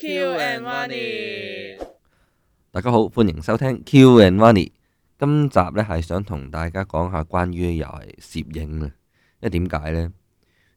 Q and Ronnie，大家好，歡迎收聽 Q and Ronnie。今集呢係想同大家講下關於又係攝影啊，因為點解呢？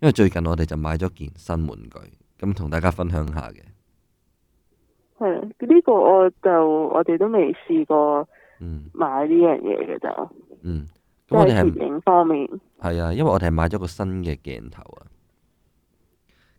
因為最近我哋就買咗件新玩具，咁同大家分享下嘅。係，呢個我就我哋都未試過，嗯，買呢樣嘢嘅咋，嗯，咁我哋係攝影方面，係啊，因為我哋係買咗個新嘅鏡頭啊。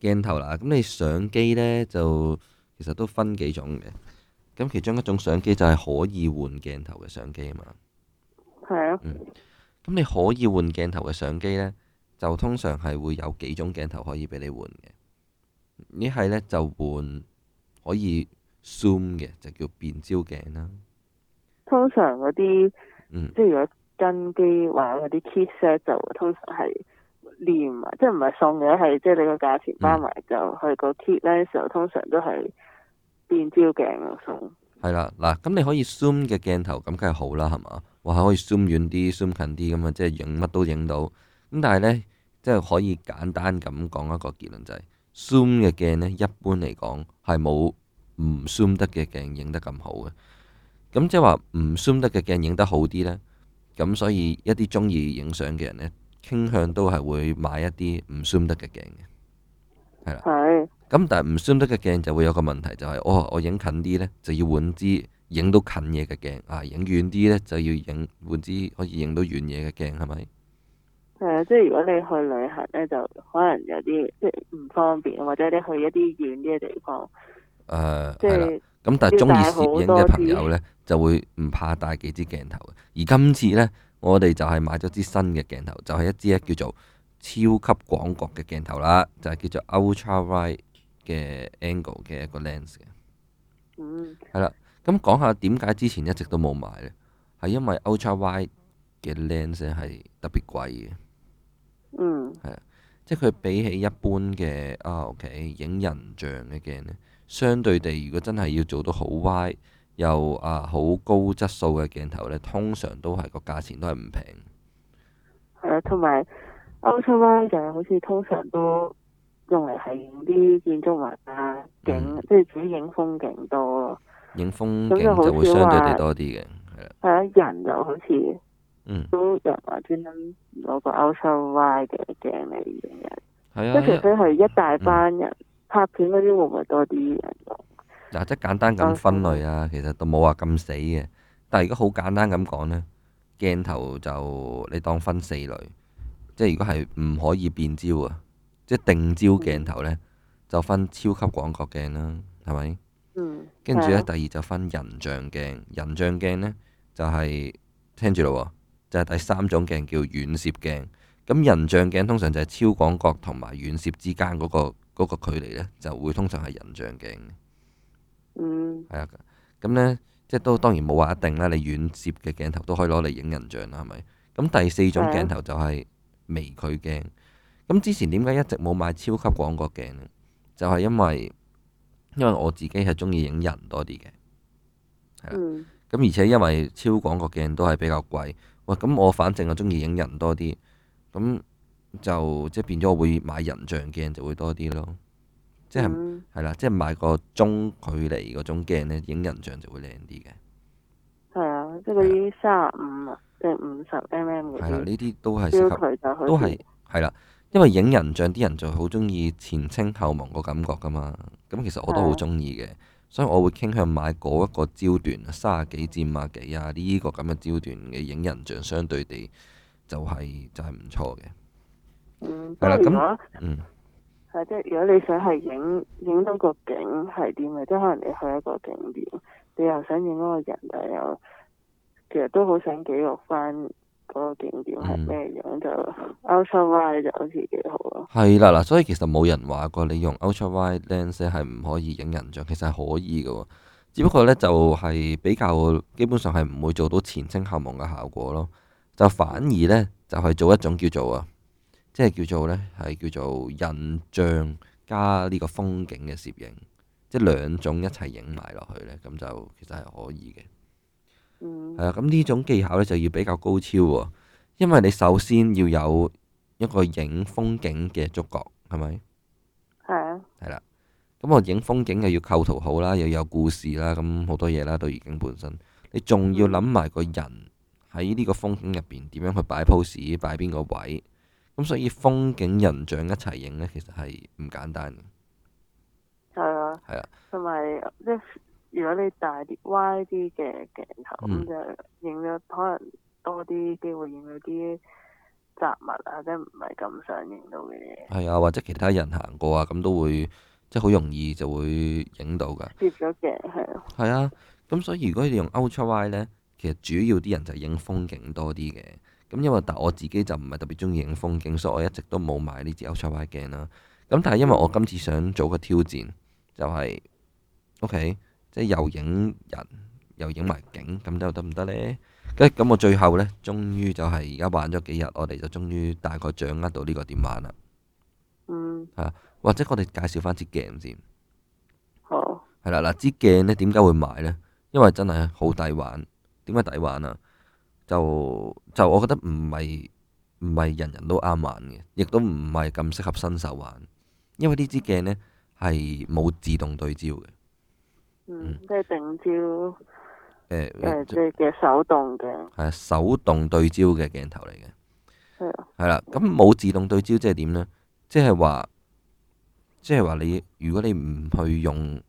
鏡頭啦，咁你相機呢，就其實都分幾種嘅。咁其中一種相機就係可以換鏡頭嘅相機啊嘛。係啊。嗯。咁你可以換鏡頭嘅相機呢，就通常係會有幾種鏡頭可以俾你換嘅。一係呢，就換可以 zoom 嘅，就叫變焦鏡啦。通常嗰啲，嗯，即係如果跟機玩嗰啲 kit set 就通常係連埋，即係唔係送嘅，係即係你個價錢包埋就係個 kit 咧。時 候、嗯、通常都係變焦鏡送。係啦，嗱，咁你可以 zoom 嘅鏡頭，咁梗係好啦，係嘛？哇，可以 zoom 遠啲，zoom 近啲，咁啊，即係影乜都影到。咁但係呢，即係可以簡單咁講一個結論就係，zoom 嘅鏡呢，一般嚟講係冇唔 zoom 得嘅鏡影得咁好嘅。咁即係話唔 zoom 得嘅鏡影得好啲呢。咁所以一啲中意影相嘅人呢。傾向都係會買一啲唔酸得嘅鏡嘅，係啦。係的。咁但係唔酸得嘅鏡就會有個問題，就係、是、我我影近啲呢，就要換支影到近嘢嘅鏡，啊影遠啲呢，就要影換支可以影到遠嘢嘅鏡，係咪？係啊，即係如果你去旅行呢，就可能有啲即係唔方便，或者你去一啲遠啲嘅地方。誒、呃，係啦的。咁但係中意攝影嘅朋友呢，就會唔怕帶幾支鏡頭。而今次呢。我哋就係買咗支新嘅鏡頭，就係、是、一支咧叫做超級廣角嘅鏡頭啦，就係、是、叫做 Ultra Wide 嘅 angle 嘅一個 lens 嘅。嗯。係啦，咁講下點解之前一直都冇買呢？係因為 Ultra Wide 嘅 lens 係特別貴嘅。嗯。係啊，即係佢比起一般嘅啊 OK 影人像嘅鏡呢，相對地如果真係要做到好 wide。由啊好高質素嘅鏡頭咧，通常都係個價錢都係唔平。係啊、嗯，同埋歐洲 t i d e 就係好似通常都用嚟影啲建築物啊、景，即係主影風景多。影風景就會相對多啲嘅。係啊、嗯，就人就好似嗯都人話專登攞個歐洲 t i d e 嘅鏡嚟影人，即係除非係一大班人、嗯、拍片嗰啲會唔會多啲人？嗱，即係簡單咁分類啊，其實都冇話咁死嘅。但係如果好簡單咁講呢，鏡頭就你當分四類，即係如果係唔可以變焦啊，即係定焦鏡頭呢，就分超級廣角鏡啦，係咪？嗯。跟住呢，第二就分人像鏡，人像鏡呢、就係，就係聽住咯，就係第三種鏡叫遠攝鏡。咁人像鏡通常就係超廣角同埋遠攝之間嗰、嗰個嗰個距離呢，就會通常係人像鏡。嗯，係啊、嗯，咁咧、嗯，即係都當然冇話一定啦。你遠攝嘅鏡頭都可以攞嚟影人像啦，係咪？咁第四種鏡頭就係微距鏡。咁之前點解一直冇買超級廣角鏡就係、係、因為因為我自己係中意影人多啲嘅，係啦。咁、嗯、而且因為超廣角鏡都係比較貴，喂，咁我反正我中意影人多啲，咁就即係變咗我會買人像鏡就會多啲咯。即係係啦，嗯、即係買個中距離嗰種鏡咧，影人像就會靚啲嘅。係啊，即係嗰啲三十五啊，定五十 mm 嘅。係啦，呢啲都係適合，都係係啦，因為影人像啲人就好中意前清後蒙個感覺噶嘛。咁其實我都好中意嘅，啊、所以我會傾向買嗰一個焦段，嗯、三啊幾至五啊幾啊呢個咁嘅焦段嘅影人像，相對地就係、是、就係唔錯嘅。嗯，係啦、啊，咁果嗯。係即如果你想係影影到個景係點嘅，即可能你去一個景點，你又想影嗰個人，但又有其實都好想記錄翻嗰個景點係咩樣，嗯、就 Ultra Wide 就好似幾好咯。係啦啦，所以其實冇人話過你用 Ultra Wide Lens 係唔可以影人像，其實係可以噶，只不過咧就係比較基本上係唔會做到前清後朦嘅效果咯，就反而咧就係做一種叫做啊。即係叫做呢，係叫做人像加呢個風景嘅攝影，即係兩種一齊影埋落去呢，咁就其實係可以嘅。係、嗯、啊，咁呢種技巧呢就要比較高超喎，因為你首先要有一個影風景嘅觸覺，係咪？係啊、嗯。係啦，咁我影風景又要構圖好啦，又要有故事啦，咁好多嘢啦都已經本身。你仲要諗埋個人喺呢個風景入邊點樣去擺 pose，擺邊個位？咁所以風景人像一齊影呢，其實係唔簡單嘅。係啊。係啊，同埋即係如果你大啲 wide 啲嘅鏡頭，咁、嗯、就影咗可能多啲機會，影到啲雜物啊，即唔係咁想影到嘅嘢。係啊，或者其他人行過啊，咁都會即係好容易就會影到㗎。接咗鏡，係啊。係啊、嗯，咁所以如果你用 Ultra Wide 呢，wide，其實主要啲人就影風景多啲嘅。咁因為但我自己就唔係特別中意影風景，所以我一直都冇買呢支 UltraWide 鏡啦。咁但係因為我今次想做個挑戰，就係、是、OK，即係又影人又影埋景，咁就得唔得呢？咁我最後呢，終於就係而家玩咗幾日，我哋就終於大概掌握到呢個點玩啦。嗯。或者我哋介紹翻支鏡先。好。係啦，嗱，支鏡呢點解會買呢？因為真係好抵玩。點解抵玩啊？就就我覺得唔係唔係人人都啱玩嘅，亦都唔係咁適合新手玩，因為呢支鏡呢，係冇自動對焦嘅。嗯，即係、嗯、定焦。即係嘅手動嘅。係手動對焦嘅鏡頭嚟嘅。係啊的。係啦，咁冇自動對焦即係點呢？即係話，即係話你如果你唔去用。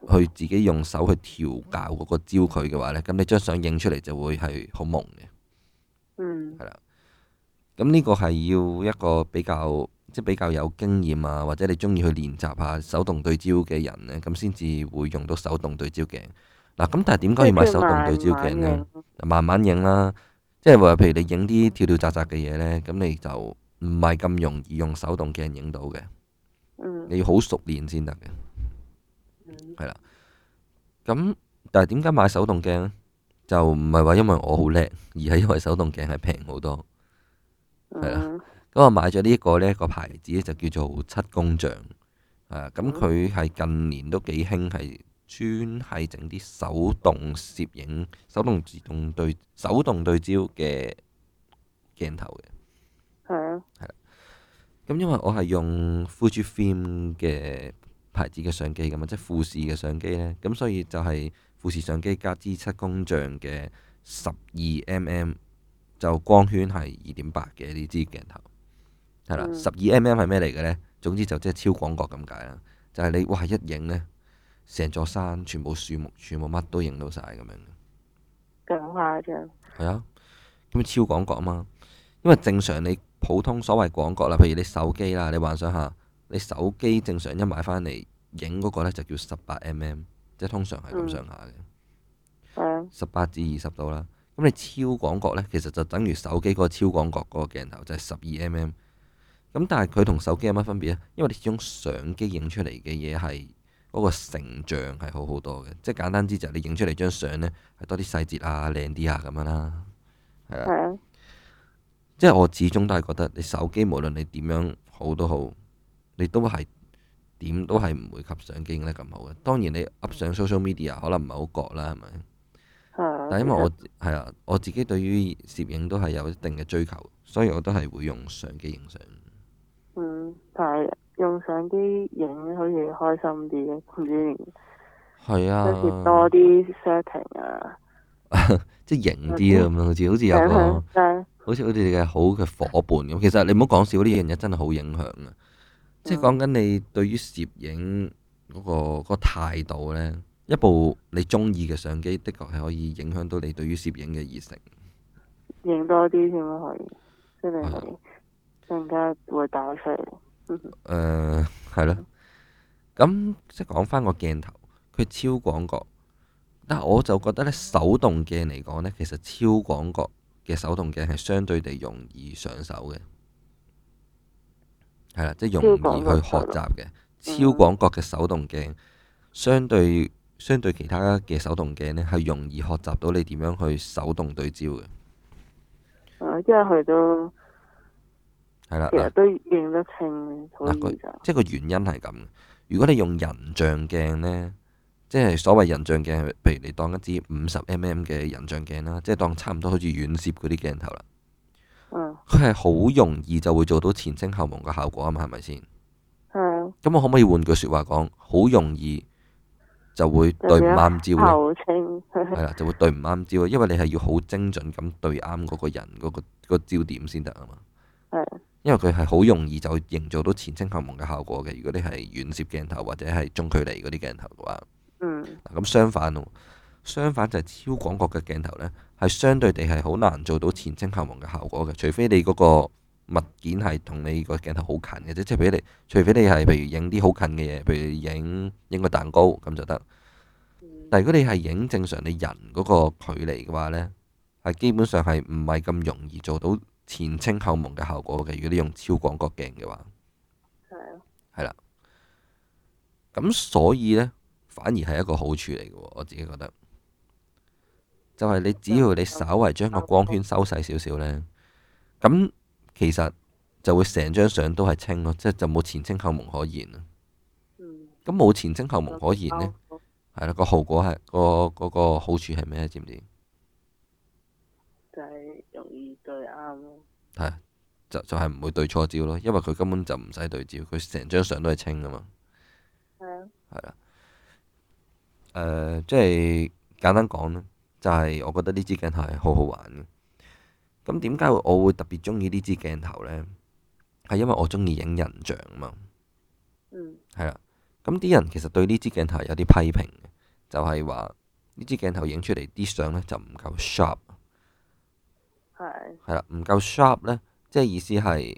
去自己用手去調校嗰個焦距嘅話呢，咁你張相影出嚟就會係好朦嘅。嗯。係啦。咁呢個係要一個比較，即係比較有經驗啊，或者你中意去練習下手動對焦嘅人呢，咁先至會用到手動對焦鏡。嗱、啊，咁但係點解要買手動對焦鏡呢？慢慢影啦、啊，即係話譬如你影啲跳跳扎扎嘅嘢呢，咁你就唔係咁容易用手動鏡影到嘅。嗯、你要好熟練先得嘅。係啦，咁但係點解買手動鏡咧？就唔係話因為我好叻，而係因為手動鏡係平好多，係啦、mm。咁、hmm. 我買咗呢一個呢一、這個牌子就叫做七工匠，咁佢係近年都幾興，係專係整啲手動攝影、手動自動對、手動對焦嘅鏡頭嘅。係啊、mm。係、hmm. 咁因為我係用 FujiFilm 嘅。牌子嘅相機咁啊，即係富士嘅相機咧，咁所以就係富士相機加支七工匠嘅十二 mm，就光圈係二點八嘅呢支鏡頭，係啦、嗯，十二 mm 係咩嚟嘅咧？總之就即係超廣角咁解啦，就係、是、你哇一影咧，成座山全部樹木，全部乜都影到曬咁樣。講下咋？係啊，咁超廣角啊嘛，因為正常你普通所謂廣角啦，譬如你手機啦，你幻想下。你手機正常一買翻嚟影嗰個呢就叫十八 mm，即係通常係咁上下嘅，十八至二十度啦。咁、mm、你超廣角呢，其實就等於手機嗰個超廣角嗰個鏡頭，就係十二 mm。咁但係佢同手機有乜分別咧？因為你始終相機影出嚟嘅嘢係嗰個成像係好好多嘅，即係簡單之就係你影出嚟張相呢係多啲細節啊、靚啲啊咁樣啦，係啦，嗯、即係我始終都係覺得你手機無論你點樣好都好。你都係點都係唔會及相機咧咁好嘅。當然你噏上 social media 可能唔係好覺啦，係咪？係 但因為我係其實 啊，我自己對於攝影都係有一定嘅追求，所以我都係會用相機影、嗯、相機影相 嗯。嗯，但係用相機影好似開心啲，唔知係係啊，多啲 setting 啊， 即係型啲咁樣好似好似有個，好似好似嘅好嘅伙伴咁。其實你唔好講笑呢樣嘢真係好影響嘅。即係講緊你對於攝影嗰個嗰個態度呢，一部你中意嘅相機的確係可以影響到你對於攝影嘅熱誠。影多啲先可以，即係你更加會打出嚟。誒、 呃，係咯。咁即係講翻個鏡頭，佢超廣角。但係我就覺得呢，手動鏡嚟講呢，其實超廣角嘅手動鏡係相對地容易上手嘅。係啦，即係容易去學習嘅超廣角嘅手動鏡，嗯、相對相對其他嘅手動鏡呢，係容易學習到你點樣去手動對焦嘅、啊。因為佢都係啦，了其實都認得清，所了、那個、即係個原因係咁。如果你用人像鏡呢，即係所謂人像鏡，譬如你當一支五十 mm 嘅人像鏡啦，即係當差唔多好似遠攝嗰啲鏡頭啦。佢係好容易就會做到前清後蒙嘅效果啊嘛，係咪先？係的。咁我可唔可以換句說話講，好容易就會對唔啱焦。後清。係 啦，就會對唔啱焦，因為你係要好精準咁對啱嗰個人嗰個焦點先得啊嘛。的因為佢係好容易就營造到前清後蒙嘅效果嘅，如果你係遠攝鏡頭或者係中距離嗰啲鏡頭嘅話。嗯。咁相反相反就係超廣角嘅鏡頭呢，係相對地係好難做到前清後朦嘅效果嘅，除非你嗰個物件係同你個鏡頭好近嘅啫，即係譬，譬如你，除非你係譬如影啲好近嘅嘢，譬如影影個蛋糕咁就得。但如果你係影正常你人嗰個距離嘅話呢，係基本上係唔係咁容易做到前清後朦嘅效果嘅，如果你用超廣角鏡嘅話，係咯、嗯，係啦。咁所以呢，反而係一個好處嚟嘅喎，我自己覺得。就係你只要你稍為將個光圈收細少少呢，咁其實就會成張相都係清咯，即係就冇前清後朦可言咯。咁冇、嗯、前清後朦可言呢，係啦、嗯，個後果係、個嗰、個好處係咩？知唔知？就係容易對啱咯。係，就就係唔會對錯焦咯，因為佢根本就唔使對焦，佢成張相都係清噶嘛。係啊、嗯。係啦、呃。即係簡單講啦。就係我覺得呢支鏡頭係好好玩嘅。咁點解我會特別中意呢支鏡頭呢？係因為我中意影人像嘛。嗯。係啦。咁啲人其實對呢支鏡頭有啲批評就係話呢支鏡頭影出嚟啲相呢就唔夠 sharp。係。嗯。係啦，唔夠 sharp 呢，即係意思係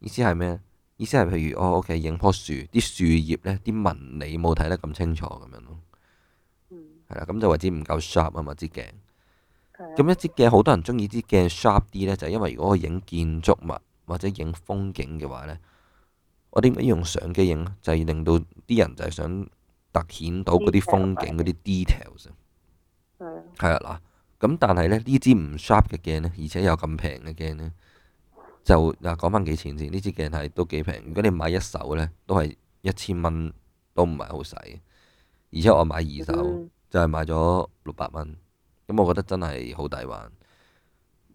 意思係咩？意思係譬如我屋企影棵樹，啲樹葉呢，啲紋理冇睇得咁清楚咁樣咯。係啦，咁就為之唔夠 sharp 啊嘛，支的鏡。咁一支鏡好多人中意支鏡 sharp 啲呢，就係因為如果我影建築物或者影風景嘅話呢，我點解用相機影咧？就係令到啲人就係想突顯到嗰啲風景嗰啲 details。係啊的。嗱，咁但係咧呢支唔 sharp 嘅鏡呢，而且又咁平嘅鏡呢，就嗱講返幾錢先？呢、啊、支鏡係都幾平，如果你買一手呢，都係一千蚊都唔係好使，而且我買二手。嗯就係買咗六百蚊，咁我覺得真係好抵玩。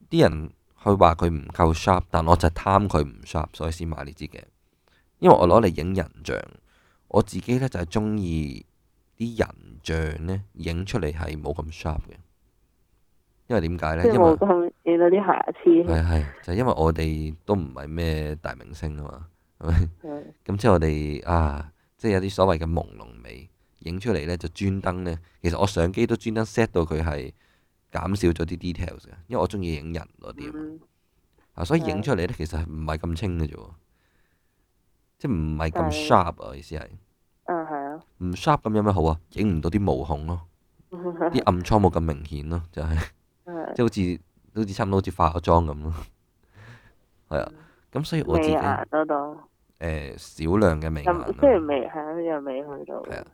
啲人佢話佢唔夠 sharp，但我就係貪佢唔 sharp，所以先買呢支鏡。因為我攞嚟影人像，我自己呢就係中意啲人像呢，影出嚟係冇咁 sharp 嘅。因為點解呢？即係影到啲瑕疵。係係，就因為我哋都唔係咩大明星啊嘛，係咪？嗯的。咁 即係我哋啊，即係有啲所謂嘅朦朧美。影出嚟咧就專登咧，其實我相機都專登 set 到佢係減少咗啲 details 嘅，因為我中意影人多啲啊，所以影出嚟咧其實係唔係咁清嘅啫，即係唔係咁 sharp 啊意思係。嗯，係啊。唔 sharp 咁有咩好啊？影唔到啲毛孔咯，啲暗瘡冇咁明顯咯，就係即係好似好似差唔多好似化咗妝咁咯，係啊。咁所以我自己。微瑕多多。誒，少量嘅微瑕。咁雖然微係啊，又未去到。係啊。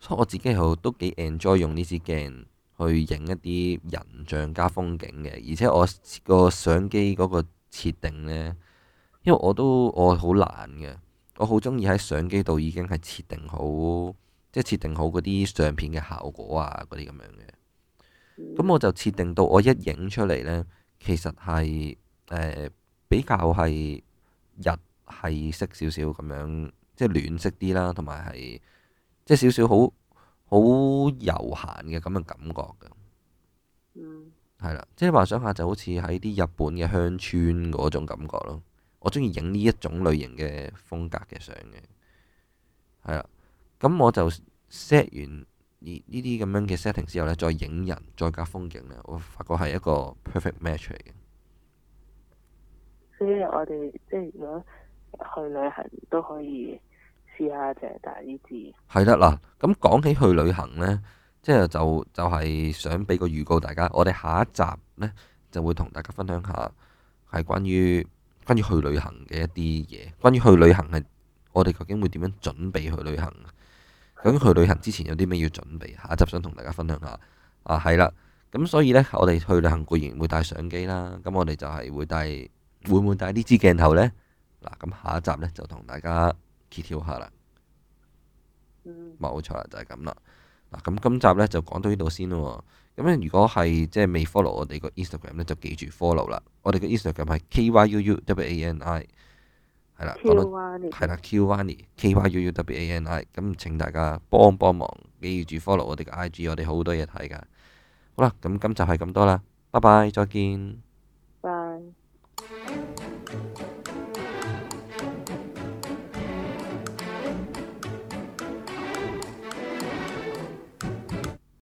所以我自己係都幾 enjoy 用呢支鏡去影一啲人像加風景嘅，而且我個相機嗰個設定呢，因為我都我好懶嘅，我好中意喺相機度已經係設定好，即係設定好嗰啲相片嘅效果啊，嗰啲咁樣嘅。咁我就設定到我一影出嚟呢，其實係、呃、比較係日系色少少咁樣，即係暖色啲啦，同埋係。即係少少好好悠閒嘅咁嘅感覺嘅，係啦、嗯，即係幻想下就好似喺啲日本嘅鄉村嗰種感覺咯。我中意影呢一種類型嘅風格嘅相嘅，係啦。咁我就 set 完呢啲咁樣嘅 setting 之後呢，再影人再加風景呢，我發覺係一個 perfect match 嚟嘅。所以我，我哋即係如果去旅行都可以。知啊，就係帶呢支。係啦，嗱，咁講起去旅行呢，即係就就係想俾個預告大家，我哋下一集呢就會同大家分享下係關於關於去旅行嘅一啲嘢，關於去旅行係我哋究竟會點樣準備去旅行？究竟去旅行之前有啲咩要準備？下一集想同大家分享下啊，係啦，咁所以呢，我哋去旅行固然會帶相機啦，咁我哋就係會帶會唔會帶呢支鏡頭呢？嗱，咁下一集呢就同大家。協調下啦，冇、嗯、錯啦，就係咁啦。嗱，咁今集咧就講到呢度先咯。咁咧，如果係即係未 follow 我哋個 Instagram 咧，就記住 follow 啦。我哋嘅 Instagram 係 K Y U U W A N I，係啦，講到係啦，Q Y、U W A、N I K Y U U W A N I。咁請大家幫幫忙記住 follow 我哋嘅 IG，我哋好多嘢睇噶。好啦，咁今集係咁多啦，拜拜，再見。